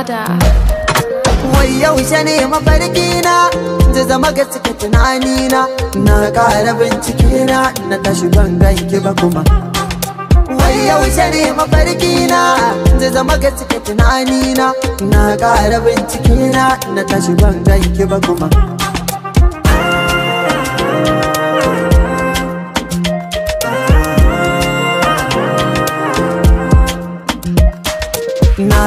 bada wai yaushe ne mafarki na zai zama gaske tunani na na ƙara bincike na na tashi ban ganke ba kuma wai yaushe ne mafarki na zai zama gaske tunani na na ƙara bincike na na tashi ban ganke ba kuma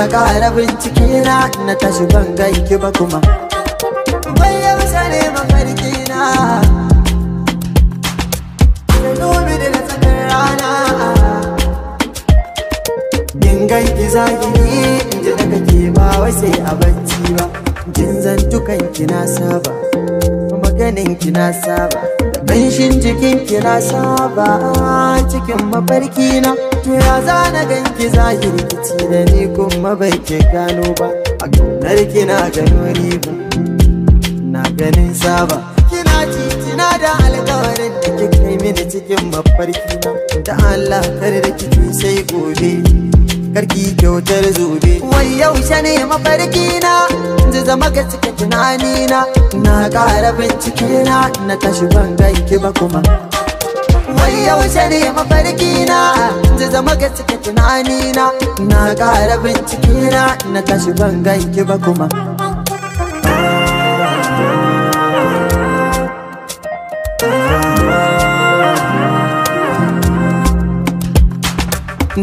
kara ƙara bincike na na tashi ban ganki ba kuma bayan sane mafarki na Nubi da tsakar rana Yin ganki yi in ji daga ke ba wai sai a bacci ba Kin zantukan ki na saba Maganin ki na saba Danshin jikin kina saba cikin mafarki na To ya na ganki zahiri kici da ni kuma bai ke gano ba A kaunar kina gano riba Na ganin saba Kina titina da alkawarin da kika yi mini cikin mafarki na Da Allah kar da sai gobe karki kyautar zube wai yaushe ne mafarki na zai zama ga cike tunani na na ƙara bincike na na tashi ban ganki ba kuma wai yaushe ne mafarki na zai zama ga cike tunani na na ƙara bincike na na tashi ban ganki ba kuma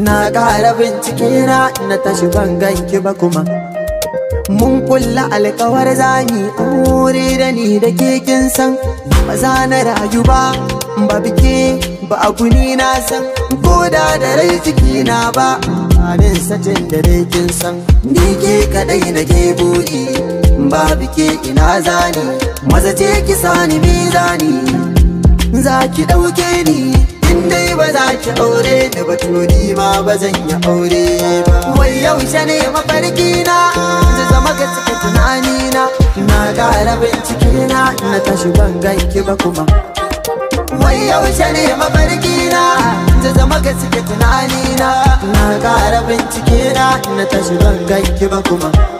na ƙara bincike na na tashi ban ganki ba kuma mun kulla alkawar zani amuri da ni da ke san ba za na rayu ba ba bike ba abu ni na san ko da da rai ciki ba amin satin da dai kin san ni ke kadai na ke buɗi ba bike ina zani maza ce ki sani zani, za ki ɗauke ni in dai ki aure da batu ni ma ba zan yi aure ba wai yaushe ne mafarki na ta zama ga cikin tunani na na rabin bincike na na tashi ban ganki ba kuma wai yaushe ne mafarki na ta zama ga cikin tunani na na rabin bincike na na tashi ban ganki ba kuma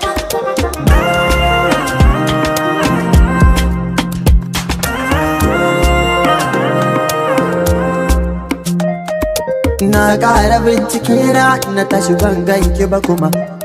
na ƙara binciki na na tashi ban ganki ba kuma